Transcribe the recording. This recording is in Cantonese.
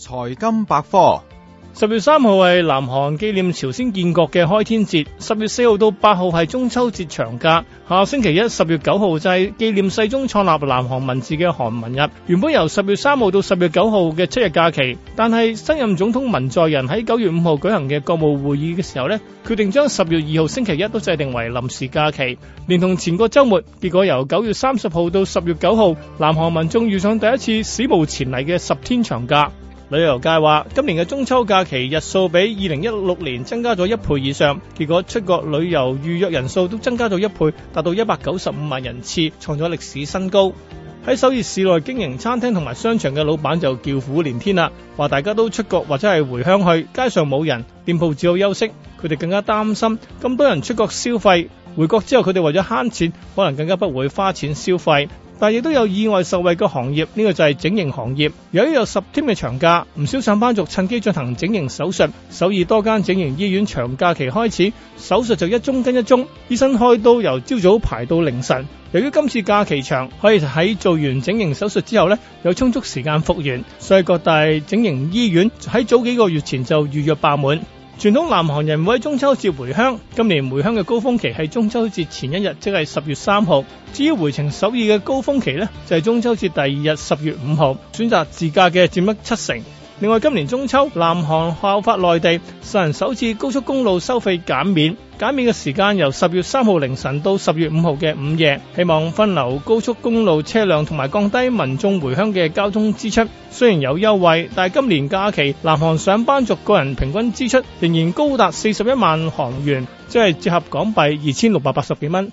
財金百科。十月三號係南韓紀念朝鮮建國嘅開天節。十月四號到八號係中秋節長假。下星期一十月九號就係紀念世宗創立南韓文字嘅韓文日。原本由十月三號到十月九號嘅七日假期，但係新任總統文在寅喺九月五號舉行嘅國務會議嘅時候咧，決定將十月二號星期一都制定為臨時假期，連同前個週末，結果由九月三十號到十月九號，南韓民眾遇上第一次史無前例嘅十天長假。旅遊界話，今年嘅中秋假期日數比二零一六年增加咗一倍以上，結果出國旅遊預約人數都增加咗一倍，達到一百九十五萬人次，創咗歷史新高。喺首爾市內經營餐廳同埋商場嘅老闆就叫苦連天啦，話大家都出國或者係回鄉去，街上冇人，店鋪只好休息，佢哋更加擔心咁多人出國消費，回國之後，佢哋為咗慳錢，可能更加不會花錢消費，但亦都有意外受惠嘅行業，呢個就係整形行業。由於有十天嘅長假，唔少上班族趁機進行整形手術。首爾多間整形醫院長假期開始手術就一宗跟一宗，醫生開刀由朝早排到凌晨。由於今次假期長，可以喺做完整形手術之後呢，有充足時間復原，所以各大整形醫院喺早幾個月前就預約爆滿。傳統南韓人會喺中秋節回鄉。今年回鄉嘅高峰期係中秋節前一日，即係十月三號。至於回程首爾嘅高峰期呢，就係中秋節第二日，十月五號。選擇自駕嘅佔七成。另外，今年中秋，南韓效法內地，實行首次高速公路收費減免，減免嘅時間由10月3號凌晨到10月5號嘅午夜，希望分流高速公路車輛同埋降低民眾回鄉的交通支出。雖然有優惠，但今年假期，南韓上班族個人平均支出，仍然高達41萬韓元，即係折合港幣2680幾蚊。